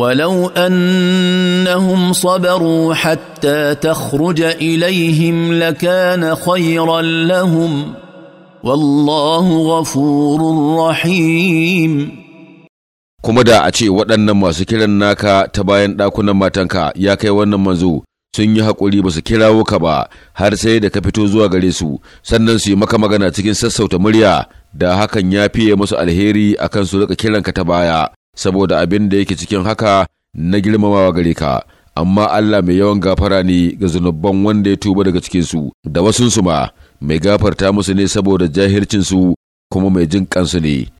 ولو انهم صبروا حتى تخرج اليهم لكان خيرا لهم والله غفور رحيم kuma da a ce waɗannan masu kiran naka ta bayan ɗakunan matanka ya kai wannan manzo sun yi haƙuri ba su kirawo ka ba har sai da ka fito zuwa gare su sannan su yi maka magana cikin sassauta murya da hakan ya fiye musu alheri akan su rika kiranka ta baya saboda abin da yake cikin haka na girmamawa gare ka amma Allah mai yawan gafara ne ga zunuban wanda ya tuba daga cikinsu da wasunsu ma mai gafarta musu ne saboda jahircinsu kuma mai jin kansu ne